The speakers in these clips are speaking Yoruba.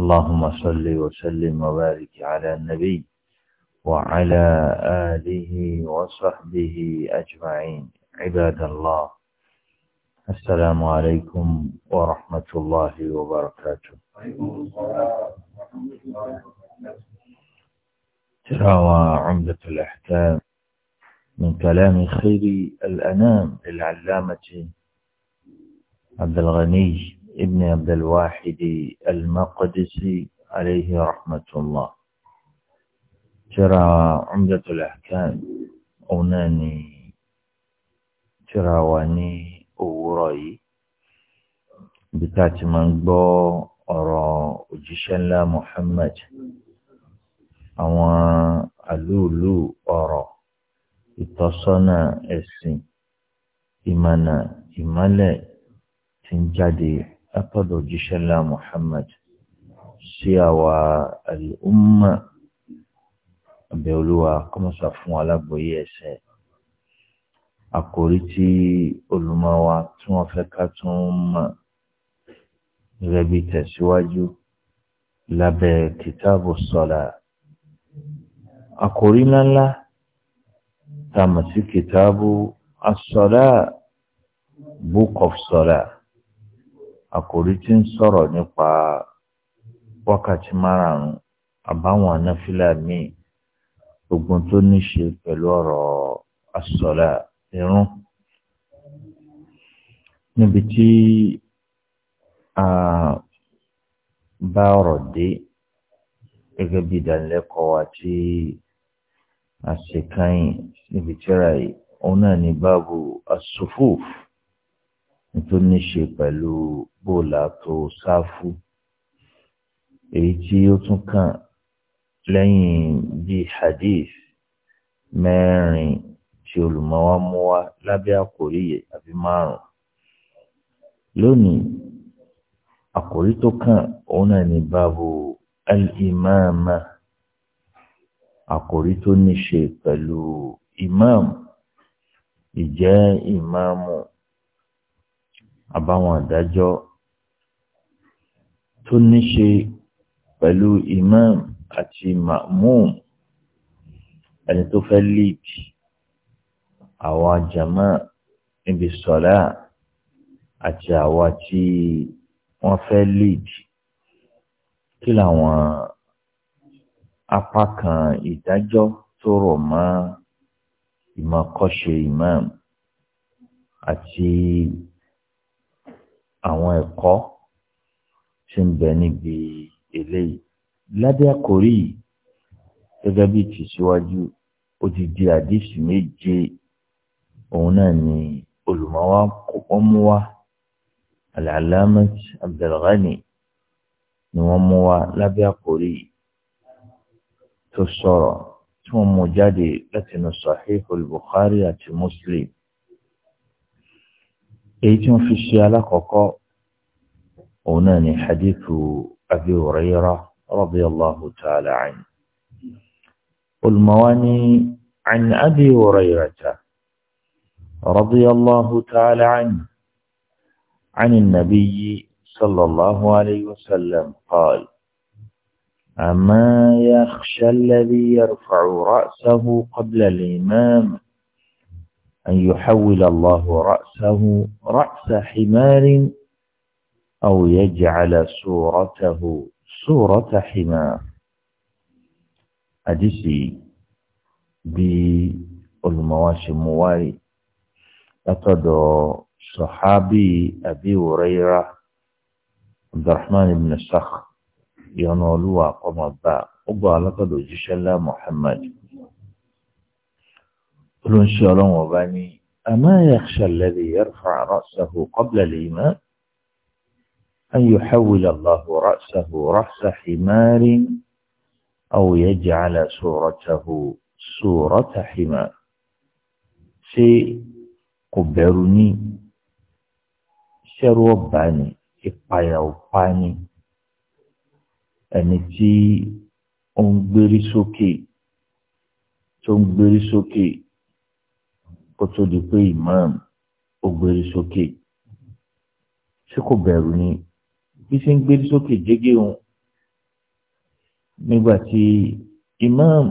اللهم صل وسلم وبارك على النبي وعلى آله وصحبه أجمعين عباد الله السلام عليكم ورحمة الله وبركاته تراوى عمدة الأحكام من كلام خير الأنام للعلامة عبد الغني ابن عبد الواحد المقدسي عليه رحمة الله ترى عمدة الأحكام أوناني ترى واني أوراي بتاتي من بو أرى وجيشن محمد àwọn àlúùlù ọ̀rọ̀ ìtọ́sọ́nà ẹ̀sìn ìmọ̀nà ìmọ́lẹ̀ تنجدي látọ̀dọ̀ òjíṣẹ́ ńlá Muhammad sí àwa àlùmọ́ ọbẹ̀ olúwa kọ́mọ́sà fún aláboyè ẹsẹ̀ àkòrí tí olùmọ̀ wa tí wọ́n fẹ́ ká tún mọ̀ gẹ́gẹ́ bí tẹ̀síwájú lábẹ́ kìtàbù sọ̀là àkòrí ńláńlá tá a mọ̀ sí kìtàbù asọ̀là book of sọ̀là àkòrí tí ń sọ̀rọ̀ nípa wákàtí márààrún àbáwọn anáfílà míì gbogbo tó ní ṣe pẹ̀lú ọ̀rọ̀ àsọ̀lá irun níbi tí a bá ọ̀rọ̀ dé gẹ́gẹ́ bí ìdánilẹ́kọ̀ọ́ wa tí níbi tíra yìí òun náà ní báàbù asòfófò tó ní ṣe pẹ̀lú bóòlà tó sáfù èyí tí ó tún kàn lẹ́yìn bíi hadith mẹ́rin tí olùmọ́wá mú wá lábẹ́ àkórí yẹ àbí márùn-ún lónìí àkórí tó kàn òun náà ní báàbò al-imama àkórí tó ní ṣe pẹ̀lú imam ìjẹ́ imamu àbáwọn àdájọ́ tó ní pẹ̀lú imam àti ma'mum ẹni tó fẹ́ lead àwọn jama níbi sọ̀lá àti àwọn tí wọ́n fẹ́ lead kí làwọn apá ìdájọ́ tó rọ̀ mọ́ ìmọ̀kọ́ṣe imam àti àwọn ẹ̀kọ́ ṣì ń bẹ níbi eléyìí lábẹ́ àkórí yìí gẹ́gẹ́ bí ti síwájú ó ti di àdìsí méje òun náà ni olùmọ̀wá kọ́kọ́ mú wá al Abdulghani ni wọ́n mú wá lábẹ́ àkórí tó sọ̀rọ̀ tí wọ́n mú jáde látinú Sahihul Bukhari àti Muslim. èyí tí wọ́n fi ṣe alákọ̀ọ́kọ́ òun náà ni hadithu abi hurayra radiyallahu ta'ala anhu olùmọ̀wání an abi hurayrata radiyallahu ta'ala anhu عن النبي صلى الله عليه وسلم قال أما يخشى الذي يرفع رأسه قبل الإمام أن يحول الله رأسه رأس حمار أو يجعل صورته صورة حمار حديثي بالمواشي مواري أتدو صحابي أبي هريرة عبد الرحمن بن السخ ينولوا قمضاء أبو على قد محمد قلوا إن شاء أما يخشى الذي يرفع رأسه قبل الإيمان أن يحول الله رأسه رأس حمار أو يجعل صورته صورة حمار سي قبرني شروباني إقايوباني أنتي أمبرسكي تمبرسكي kó tó di pé imam ó gbérí sókè ṣé kò bẹ̀rù ni bí ṣe ń gbérí sókè jẹ́gẹ́ òun nígbà tí imam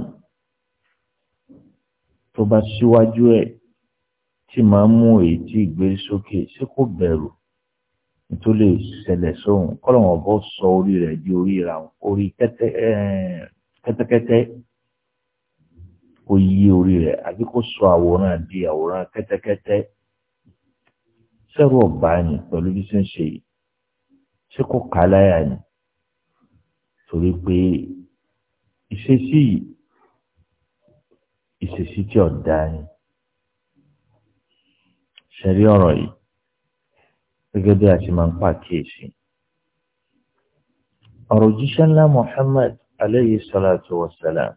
tó bá síwájú ẹ̀ tí màá mú èyí tí ìgbérí sókè ṣé kò bẹ̀rù nítorí ìṣẹ̀lẹ̀ sóhun kọ́lọ̀ wọn bọ́ sọ orí rẹ̀ di orí ra orí kẹ́tẹ́kẹ́tẹ́ kó yí orí rẹ̀ àbí kó sọ àwòrán di àwòrán kẹ́tẹ́kẹ́tẹ́ sẹ́rù ọ̀bá ni pẹ̀lú bí ṣe ń ṣe yìí ṣé kò ká láyà ni torí pé ìṣesí yìí ìṣesí tí ọ̀dá ni ṣẹ̀rí ọ̀rọ̀ yìí gẹ́gẹ́ bí a ti máa ń pàkíyèsí. ọ̀rọ̀ jíṣẹ́ ńlá Muhammad aleyhi salatu wa salam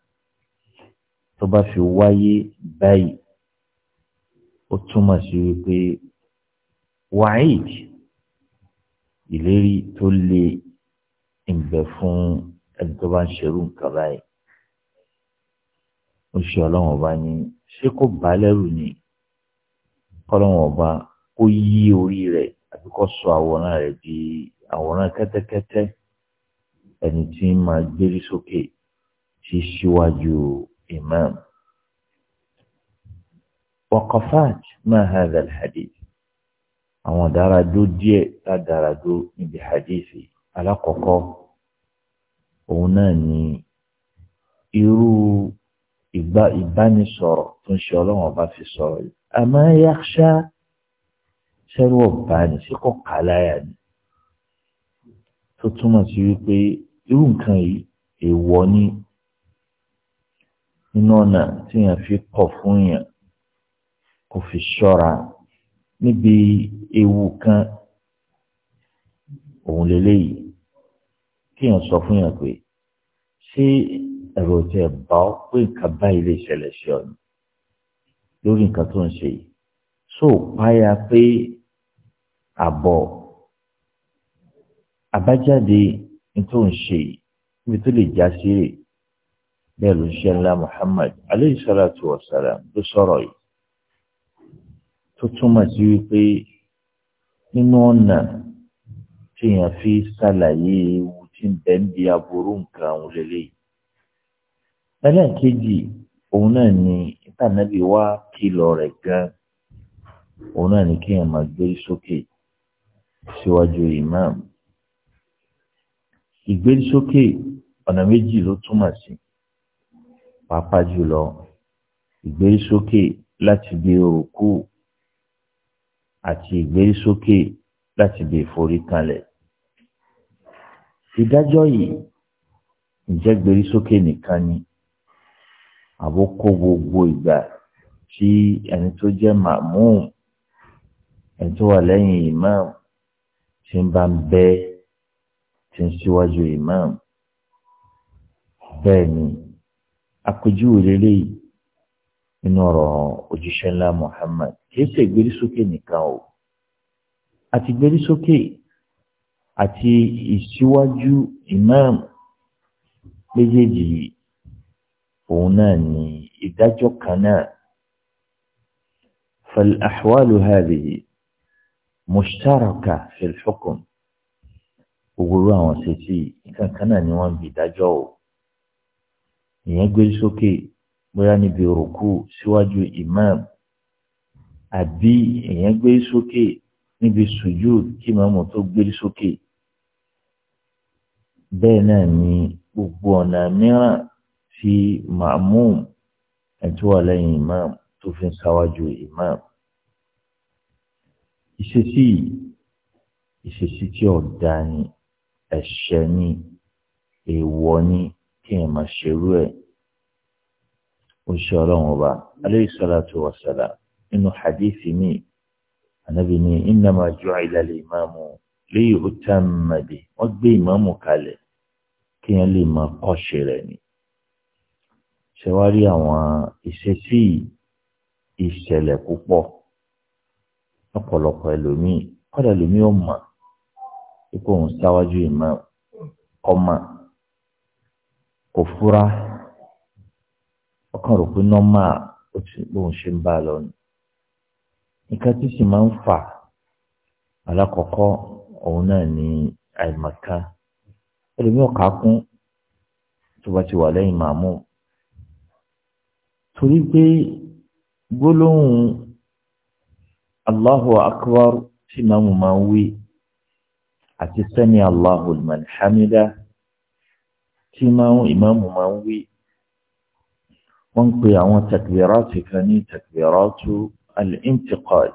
tó bá fi wáyé báyìí ó túmọ̀ sí wípé wa'id ìlérí tó le ìbẹ̀ fún ẹni tó bá ń ṣerú nǹkan báyìí ó ṣe ọlọ́run ọba ní ṣé kò bá lẹ́rù ni kọ́lọ́run ọba kó yí orí rẹ̀ àbí kó sọ àwòrán rẹ̀ di àwòrán kẹ́tẹ́kẹ́tẹ́ ẹni tí máa gbérí sókè tí síwájú imam waqafat ma hadha alhadith àwọn dáradó díẹ̀ tá dáradó níbi hadithi alákọ̀ọ́kọ́ òun náà ni irú ìgbà ìbánisọ̀rọ̀ tó ń ṣe ọlọ́run ọba fi sọ̀rọ̀ yìí àmọ́ yakhsha sẹ́rù ọ̀bá ni sí kàláyà ni tó túmọ̀ sí wípé irú nǹkan yìí èèwọ̀ ni nínú ọ̀nà tí yẹn fi kọ̀ fún yẹn kò fi ṣọ́ra níbi ewu kan òun lélẹ́yìí kí yẹn sọ fún yẹn pé ṣé ẹ̀rọ tí ẹ̀ bá ọ pé nǹkan báyìí lè ṣẹlẹ̀ sí ọ ni lórí nǹkan tó ń ṣe yìí ṣó o páyà pé àbọ̀ àbájáde ní tó ń ṣe yìí níbi tó lè já sí rèé bẹ́ẹ̀ ló ń ṣe ńlá Muhammad aleyhi salatu wa salam ló sọ̀rọ̀ yìí tó túmọ̀ sí wípé nínú ọ̀nà tí èèyàn fi ṣàlàyé ewu tí ń bẹ ń bi aburú nǹkan òun lélẹ́yìí. ẹlẹ́ẹ̀kejì òun náà ni ìtànàbí wá kìlọ̀ rẹ̀ gan òun náà ni kéèyàn máa gbé sókè síwájú imam ìgbésókè ọ̀nà méjì ló túmọ̀ sí. Si pàápàá jùlọ ìgbérísókè láti bí òkú àti ìgbérísókè láti bí ìforíkanlẹ̀. ìdájọ́ yìí ǹjẹ́ gbérísókè nìkan ni àbókò gbogbo ìgbà tí ẹni tó jẹ́ màmúù ẹni tó wà lẹ́yìn imam tí ń bá ń bẹ tí ń síwájú imam bẹ́ẹ̀ ni àpèjúwe lélẹ́yìí nínú ọ̀rọ̀ òjíṣẹ́ ńlá Muhammad kìí ṣe ìgbérí sókè nìkan o àti ìgbérí sókè àti ìṣíwájú imam méjèèjì òun náà ní ìdájọ́ kan náà فالأحوال هذه مشتركة في الحكم وقولوا عن سيسي كان كان نوان بداجو ìyẹn gbé sókè bóyá níbi òrùkù síwájú imam àbí ìyẹn gbé sókè níbi sujud kí màmú tó gbé sókè bẹ́ẹ̀ náà ni gbogbo ọ̀nà mìíràn tí ma'mum ẹ̀tọ́ wà lẹ́yìn imam tó fi ń sáwájú imam. ìṣesí ìṣesí tí ọ̀dà ni ẹ̀ṣẹ̀ ni èèwọ̀ ni kí ẹ̀ máa ṣerú ẹ̀ oṣù ọlọ́run ọba alayhi salatu wa salam nínú hadithi mi anabi ni innama ju'ila al-imamu liyutamma bihi wọ́n gbé ìmáàmù kalẹ̀ kí wọ́n lè máa kọ́ṣe rẹ̀ ni. ṣẹwárí àwọn ìṣesí ìṣẹ̀lẹ̀ púpọ̀ ọ̀pọ̀lọpọ̀ ẹlòmíì kọ́dà ẹlòmíì ò mọ̀ ipò òun sáwájú ìmáàmù kọ́ kò fura ọkàn rò pé nọ́mà bóun ṣe ń bá a lọ ni nǹkan tí sì máa ń fà alákọ̀ọ́kọ́ òun náà ni àìmọ̀ká ẹlòmíì ọ̀ka kún tó bá ti wà lẹ́yìn màmú torí pé gbólóhùn Allahu akbar tí màmú máa ń wí àti sami Allahu liman tí màmú máa ń wí wọ́n ń pe àwọn takbirati kan ní takbiratu al-intiqal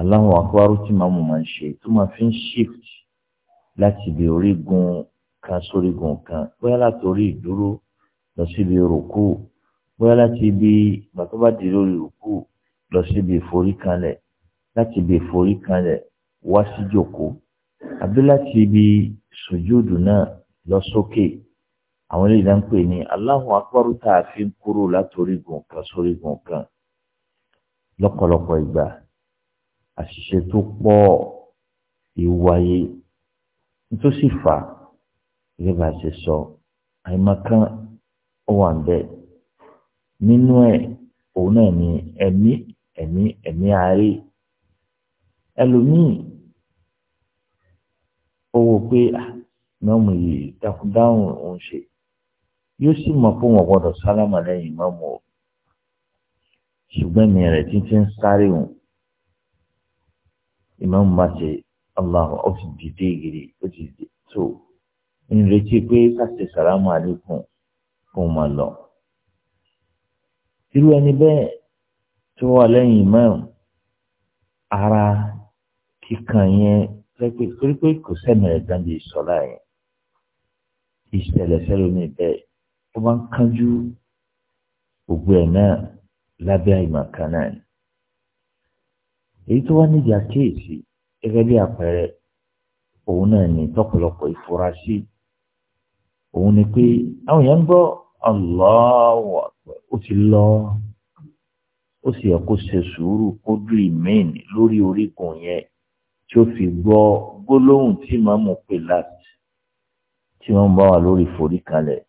Allahu akbar tí màmú máa ń ṣe tó máa fi ń shift láti ibi orígun kan sórígun kan bóyá láti orí ìdúró lọ síbi rùkú bóyá láti ibi bàtọ́ bá di lórí rùkú lọ síbi ìforíkanlẹ̀ láti ibi ìforíkanlẹ̀ wá sí jòkó àbí láti ibi sùjúdù náà lọ sókè. So àwọn eléyìí náà ń pè ní Allahu Akbar tá a fi ń kúrò látorígun kan sórígun kan lọ́pọ̀lọpọ̀ ìgbà àṣìṣe tó pọ̀ ìwáyé tó sì fà gẹ́gẹ́ bá a ṣe sọ àìmọ̀kan ó wà ń nínú ẹ̀ òun náà ni ẹ̀mí ẹ̀mí ẹ̀mí ààrẹ ẹlòmíì owó pé ah, mọ́mù yìí dákúndáhùn òun ṣe yóò sì mọ̀ fún wọn gbọ́dọ̀ sálámà lẹ́yìn mọ́mọ́ o ṣùgbọ́n mi rẹ̀ títí ń sáré wọn ìmọ̀mù má ṣe aláwọ̀ ó sì dìde gidi ó sì dìde tó ń retí pé káṣí sàlámà fún wọn lọ. irú ẹni bẹ́ẹ̀ tó wà lẹ́yìn ara kíkan yẹn ó máa ń kánjú gbogbo ẹ̀ náà lábẹ́ àìmọ̀kan náà ni. èyí tó wá nídìí àkíyèsí gẹ́gẹ́ bí àpẹẹrẹ òun náà ní tọ́pọ̀lọpọ̀ ìfurasí òun ni pé àwọn èèyàn ń gbọ́ Allahu Akbar ó ti lọ ó sì yẹ kó ṣe sùúrù kó dùn ìmíìn lórí orígun yẹn tí ó fi gbọ́ gbólóhùn tí màmú pè láti tí wọ́n bá wà lórí forí kalẹ̀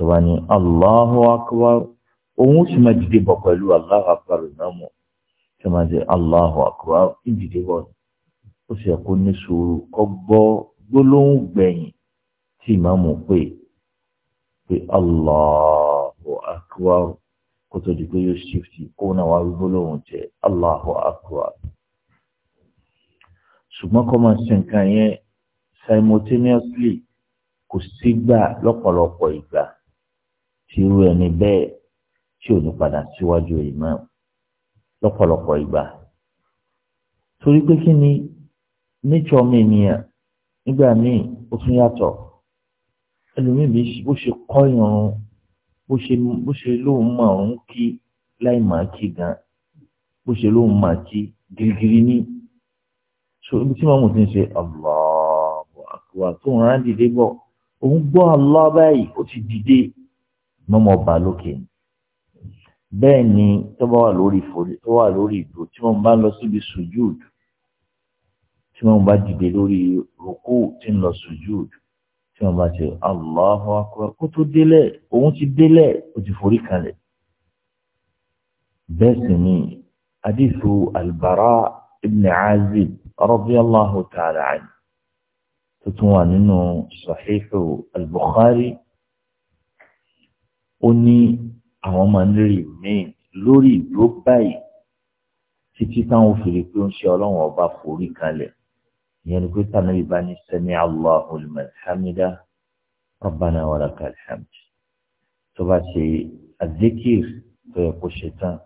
tó bá ní Allahu akbar òun ó sì máa dìde bọ̀ pẹ̀lú akbar ìnáwó tó máa ṣe Allahu akbar ìdìde bọ̀ ó sì yẹ ní sùúrù kó gbólóhùn gbẹ̀yìn tí pé kó tó di pé yóò ṣífì kó náà wá gbólóhùn jẹ Allahu akbar ṣùgbọ́n tí irú ẹni bẹ́ẹ̀ tí ò ní padà síwájú imam lọ́pọ̀lọpọ̀ ìgbà torí pé kí ni nítsọ ọmọ ènìyàn nígbà míì ó tún yàtọ̀ ẹlòmíì bí bó ṣe kọ́ ìrun bó ṣe bó ṣe lóun máa ń kí láì máa kí gan bó ṣe lóun máa kí girigiri ní ibi tí màmú ti ń ṣe Allahu Akbar tó ń rán dìde bọ̀ òun gbọ́ Allah báyìí ó ti dìde mọ́mọ́ ọba lókè bẹ́ẹ̀ ni tó bá wà lórí ìforí tó wà lórí ìdó tí wọ́n bá lọ síbi sùjúd tí wọ́n bá dìde lórí rúkú tí ń lọ sùjúd tí wọ́n bá ṣe Allahu akbar kó tó délẹ̀ òun ti délẹ̀ ó ti forí kalẹ̀ bẹ́ẹ̀ sì ni adíṣu albara ibn azib radiyallahu ta'ala anhu tó tún wà nínú sahihu al ó ní àwọn máa ń remain lórí ìdúró báyìí títí táwọn fèrè pé ó ń ṣe ọlọ́run ọba forí kalẹ̀ ìyẹn ni pé tànàbí bá ní sẹ́mi Allahu liman hamida rabbana wa lakal hamd tó bá ṣe azikir tó yẹ kó ṣe tán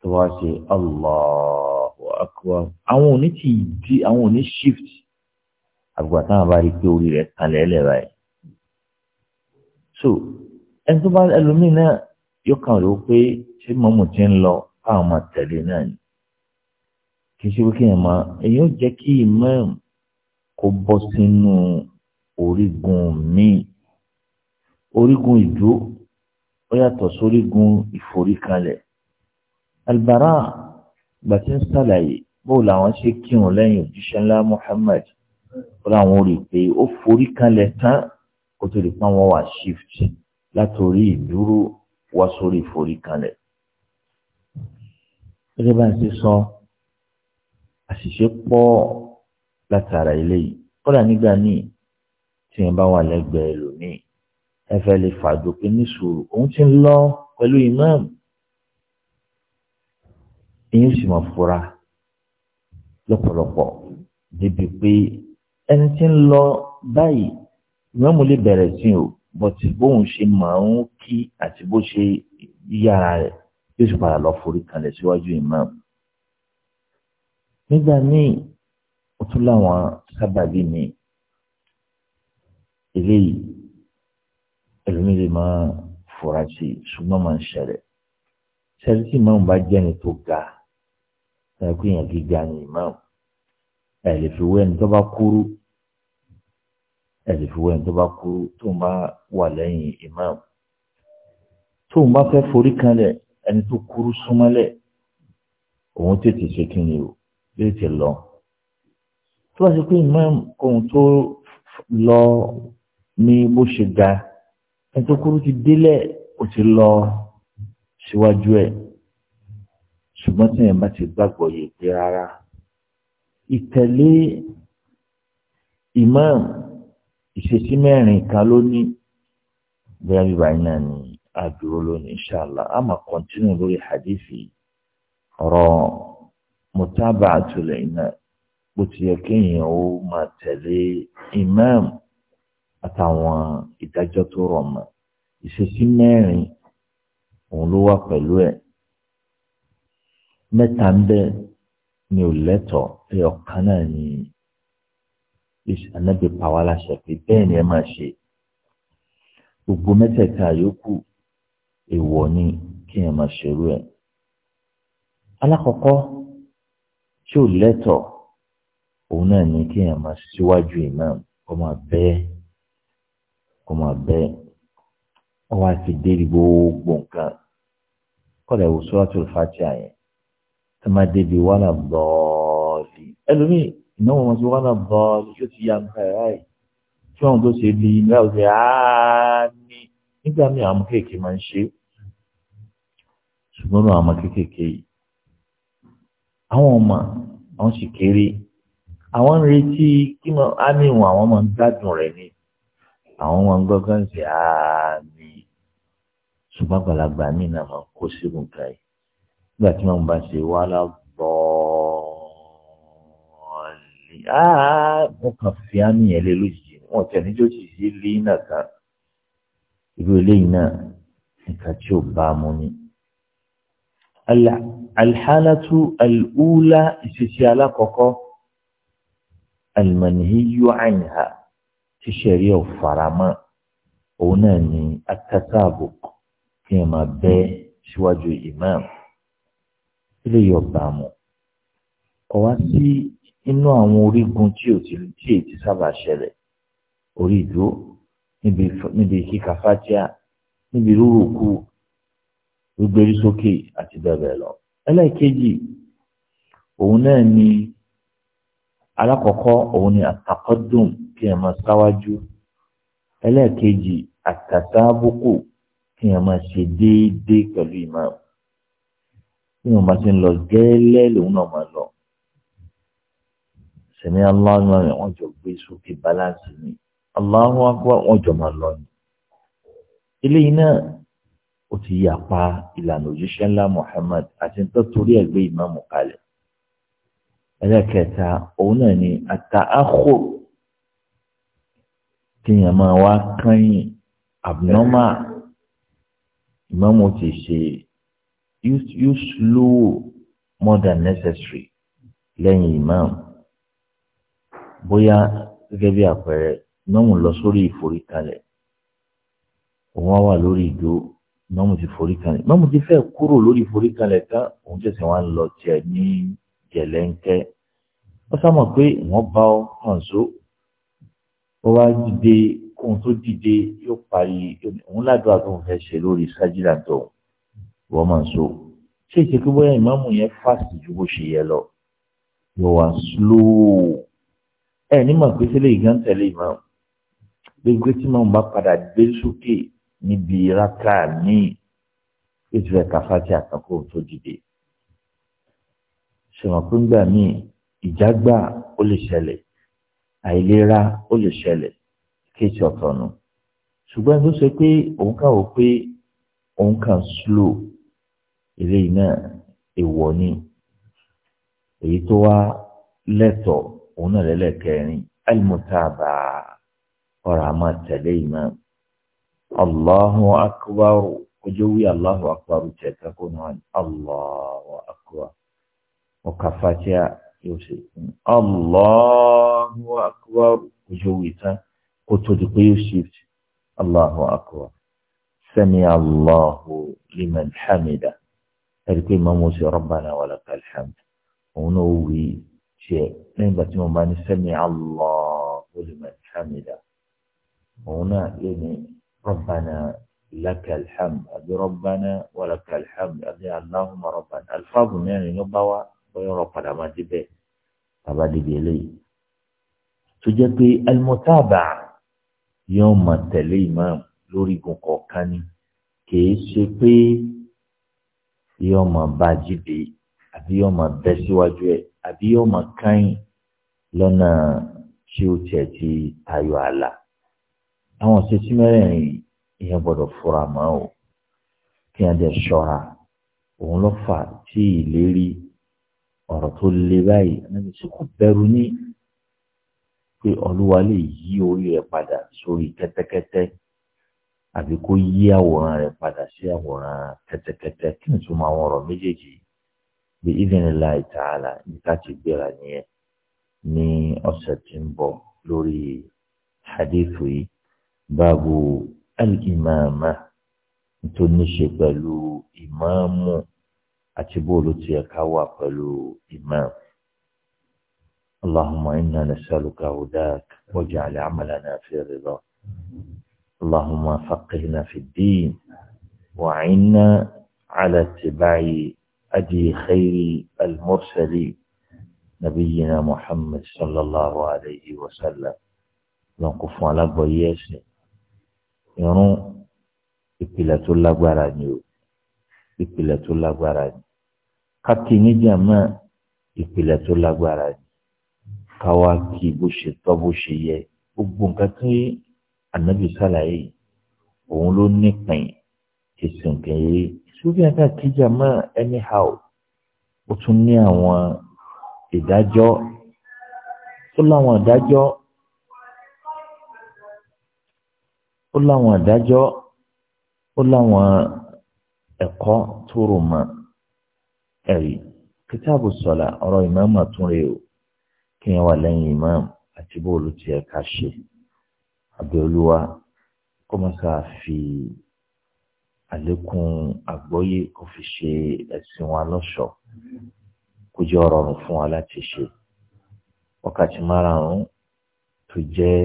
tó bá ṣe Allahu akbar àwọn òní ti di àwọn òní shift àgbà táwọn pé orí rẹ̀ kalẹ̀ lẹ̀ báyìí ẹni tó bá ẹlòmíì náà yóò kàn rò pé ṣé mọ́mù ti ń lọ káwọn máa tẹ̀lé e náà ni kì í ṣe pé kéèyàn máa èèyàn jẹ́ kí imam kó bọ́ sínú orígun míì orígun ìdúró ó yàtọ̀ sórígun ìforíkalẹ̀ albara gbàtí ń sàlàyé bó làwọn ṣe kírun lẹ́yìn òjíṣẹ́ ńlá Muhammad ó láwọn rí i pé ó forí kalẹ̀ tán kó tó lè pa wọn wá shift látòrí ìdúró wá sórí ìforíkalẹ̀. gẹ́gẹ́ bá ń ṣe sọ àṣìṣe pọ̀ látara eléyìí kódà nígbà míì tí yẹn bá wà lẹ́gbẹ̀ẹ́ ẹlòmíì ẹ fẹ́ lè fàájò pé ní sùúrù òun ti ń lọ pẹ̀lú ìmáàmù èyí sì máa fura lọ́pọ̀lọpọ̀ débi pé ẹni tí ń lọ báyìí ìmáàmù lè bẹ̀rẹ̀ sí o but bóun ṣe máa ń kí àti bó ṣe yíyára rẹ̀ yóò sì padà lọ forí kalẹ̀ síwájú imam. nígbà míì ó tún láwọn sábàbí mi eléyìí ẹlòmíì lè máa fura sí i ṣùgbọ́n máa ń ṣẹlẹ̀ ṣẹlẹ̀ tí imam bá jẹ́ni tó ga ẹ̀kú yẹn gíga ni imam ẹ̀ lè fi wẹ́ni tó bá kúrú ẹ̀lẹ́ fi wẹ́n tó bá kú tó ń bá wà lẹ́yìn imam tó ń bá fẹ́ forí kanlẹ̀ ẹni tó kúrú súnmọ́lẹ̀ òun tètè ṣe kí ni o yóò lọ tó bá ṣe pé imam ohun tó lọ ní bó ṣe ga ẹni tó kúrú ti délẹ̀ ó ti lọ síwájú ẹ̀ ṣùgbọ́n tí èèyàn bá ti gbàgbọ́ yìí pé rárá ìtẹ̀lé imam. ìṣesí mẹ́rin kan ló ní bóyá bíbá yìí náà ni àdúró lónìí inṣàlá a máa kọ́ntínú lórí hadithi ọ̀rọ̀ mutaba àtúlẹ̀ iná bó ti yẹ kéèyàn ó máa tẹ̀lé imam àtàwọn ìdájọ́ tó rọ̀ mọ́ ìṣesí mẹ́rin òun ló wà pẹ̀lú ẹ̀ mẹ́ta ń ni ò lẹ́tọ̀ọ́ náà ni. ànábì pa wá láṣẹ pé bẹ́ẹ̀ ni ẹ máa ṣe gbogbo mẹ́tẹ̀ẹ̀ta yòókù èèwọ̀ ni kí ẹ máa ṣerú ẹ̀ alákọ̀ọ́kọ́ tí ò lẹ́tọ̀ òun náà ni kí ẹ máa síwájú imam kó máa bẹ́ẹ̀ kó máa bẹ́ẹ̀ ọ wá ti dérí gbogbo nǹkan kọ́lẹ̀ wò suratul Fatiha yẹn tó máa débi wàhálà bọ́ọ̀lì ẹlòmíì ìnáwó wọn ti wọ́n náà bọ̀ yóò ti ya nǹkan ẹ̀rá yìí tí wọ́n tó ṣe di ìlà òṣè áání nígbà míì àwọn kéèké máa ń ṣe ṣùgbọ́n náà àwọn kéèké yìí àwọn ọmọ àwọn sì kéré àwọn ń retí kí wọn á ní ìwọn àwọn máa ń gbádùn rẹ̀ ni àwọn máa ń gbọ́gán ṣe áání ṣùgbọ́n àgbàlagbà míì náà máa ń kó sírun kan yìí nígbà tí wọ́n bá ṣe wàhálà bọ́ọ̀ sí áá wọn kàn fi àmì yẹn lé lójijì wọn tẹ̀ níjó jì sí lé náà kan irú eléyìí náà nǹkan tí ò bá mu ni. alḥalatu al'ula ìṣesí alákọ̀ọ́kọ́ almanihiyu anha tí sẹ̀rí ò òun náà ni atatabuk kí ẹ máa bẹ́ síwájú imam ilé yóò bá mu kò sí nínú àwọn orígun tí ò ti tí èyí ti sábà ṣẹlẹ̀ orí ìdúró níbi níbi kíka fátíà níbi rúrùkú gbígbérí sókè àti bẹ́ẹ̀ bẹ́ẹ̀ lọ. ẹlẹ́ẹ̀kejì òun náà ni alákọ̀ọ́kọ́ òun ni àtàkọ́dùn kí ẹ̀ máa sáwájú ẹlẹ́ẹ̀kejì àtàtàbùkù kí ẹ̀ máa ṣe déédéé pẹ̀lú ìmáàmù bí wọn bá ti ń lọ gẹ́lẹ́ lòun náà máa lọ sẹ̀mí aláwọ̀ náà wọ́n jọ gbé sókè balance ni aláwọ̀ akọ́ wọ́n jọ máa lọ ni. eléyìí náà ó ti yapa ìlànà òjíṣẹ́ ńlá Muhammad àti nítorí torí ẹ̀gbẹ́ ìmáàmù kalẹ̀. ẹlẹ́kẹta òun náà ni ata áhò kéèyàn máa wá kányìn abnormal ìmáàmù ti ṣe you slow more than necessary lẹ́yìn ìmáàmù bóyá gẹ́gẹ́ bí àpẹẹrẹ nọ́ọ̀mù lọ sórí ìforíkalẹ̀ òun wà lórí ìdó nọ́ọ̀mù ti foríkalẹ̀ nọ́ọ̀mù ti fẹ́ kúrò lórí ìforíkalẹ̀ ká òun tẹ̀sẹ̀ wá ń lọ tiẹ̀ ní jẹ̀lẹ́ńkẹ́ ó sámọ̀ pé wọ́n bá ọ kàn só ó wá dìde kóun tó dìde yóò parí òun ládùúgbò àti òun fẹ́ ṣe lórí sájìlá tó wọ́n máa ń so ṣé ìṣèkú ìmáàmù yẹn fàṣì ju bó ṣe yẹ lọ yóò wá slow ẹ ní mọ̀ pé sílé ìgbà ń tẹ̀lé ìmáàmù bí pé tí màmú bá padà dé sókè níbi rákà ní ìtura kàfàtì àkàkọ́ tó dìde ṣùgbọ́n pé ńgbà míì ìjágbá ó lè ṣẹlẹ̀ àìlera ó lè ṣẹlẹ̀ kéèkì ọ̀tọ̀ nù ṣùgbọ́n tó ṣe pé òun kà ó pé òun kà slow eléyìí náà èèwọ̀ ni èyí tó wá lẹ́tọ̀ọ́ òun náà lẹ́lẹ́kẹrin alimutaba ọ̀rọ̀ àmọ́ tẹ̀lé ìmọ̀ allahu akbar ojú wí allahu akbar tẹ̀ka kó náà allahu akbar ọkà fatia yóò ṣe allahu akbar ojú wí tán kó tó di pé yóò shift allahu akbar sami allahu liman hamida ẹ̀rí pé mọ́mọ́sí rabbana walakal hamd òun náà wí tiẹ̀ lẹ́yìn ìgbà tí mo bá ní sẹ́mi Allahu liman hamida òun náà yóò ní rabbana lakal hamd àbí rabbana walakal hamd àbí Allahumma rabbana alifáàbù mẹ́rin ló bá wá bóyá ọ̀rọ̀ padà máa dé bẹ́ẹ̀ bàbá dìde eléyìí tó jẹ́ pé alimọ́tàbà yóò máa tẹ̀lé imam lórí igun kọ̀ọ̀kan ni kì í ṣe pé yóò máa bá jíde àbí yóò máa bẹ́ síwájú ẹ̀ àbí yóò máa káyìn lọ́nà tí ó tiẹ̀ ti tayọ àlà. àwọn ṣètì mẹ́rẹ̀ẹ̀rin ìyẹn gbọ́dọ̀ fura mọ́ o kí adé ṣọ́ra òun ló fà tí ìlérí ọ̀rọ̀ tó le báyìí ẹni tí kò bẹ̀rù ní pé Olúwa lè yí orí rẹ̀ padà sórí kẹ́tẹ́kẹ́tẹ́ àbí kó yí àwòrán rẹ̀ padà sí àwòrán kẹ́tẹ́kẹ́tẹ́ kí n tún máa wọ̀rọ̀ méjèèjì bí ìdìnnìlá ìtààlà níta ti gbéra nìyẹn ní ọ̀sẹ̀ tí ń bọ̀ lórí hadithu yìí báàbù al-imama tó ní pẹ̀lú ìmáàmù àti bóòlù tí ẹ̀ka wà pẹ̀lú ìmáàmù. اللهم إنا نسألك هداك واجعل عملنا في رضاك اللهم فقهنا في الدين وعنا على اتباع هدي خير المرسلين نبينا محمد صلى الله عليه وسلم لنقف على بياسه irun ìpìlẹ̀ tó lágbára ni o ìpìlẹ̀ tó lágbára ni kákì níjàmá ìpìlẹ̀ tó lágbára ni káwa kí bó ṣe tọ́ bó ṣe yẹ gbogbo nǹkan tí ànábì sàlàyé òun ló nípìn kìsìnkìn yìí ṣúbí àká kíjà máa anyhow ó tún ní àwọn ìdájọ́ ó láwọn ìdájọ́ ó láwọn ìdájọ́ ó láwọn ẹ̀kọ́ tó rò mọ́ ẹ̀rí kìtàbù sọ̀la ọ̀rọ̀ ìmáàmù àtúnrè o kí wọ́n wà lẹ́yìn ìmáàmù àti bóòlù tiẹ̀ ká ṣe àbẹ̀olúwa kó fi àlékún àgbọ́yé kó fi ṣe ẹ̀sìn wa lọ́ṣọ̀ọ́ kó jẹ́ ọ̀rọ̀rùn fún wa láti ṣe wákàtí márùn-ún tó jẹ́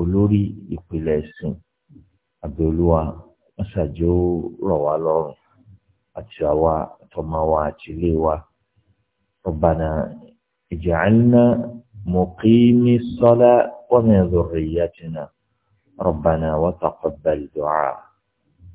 olórí ìpìlẹ̀ ẹ̀sìn àbẹ̀olúwa wọ́n ṣàjò rọ̀ wá lọ́rùn àti àwa àtọmọ wa àti ilé wa Rabbana ij'alna muqimi s-salati wa min dhurriyyatina Rabbana wa taqabbal du'a.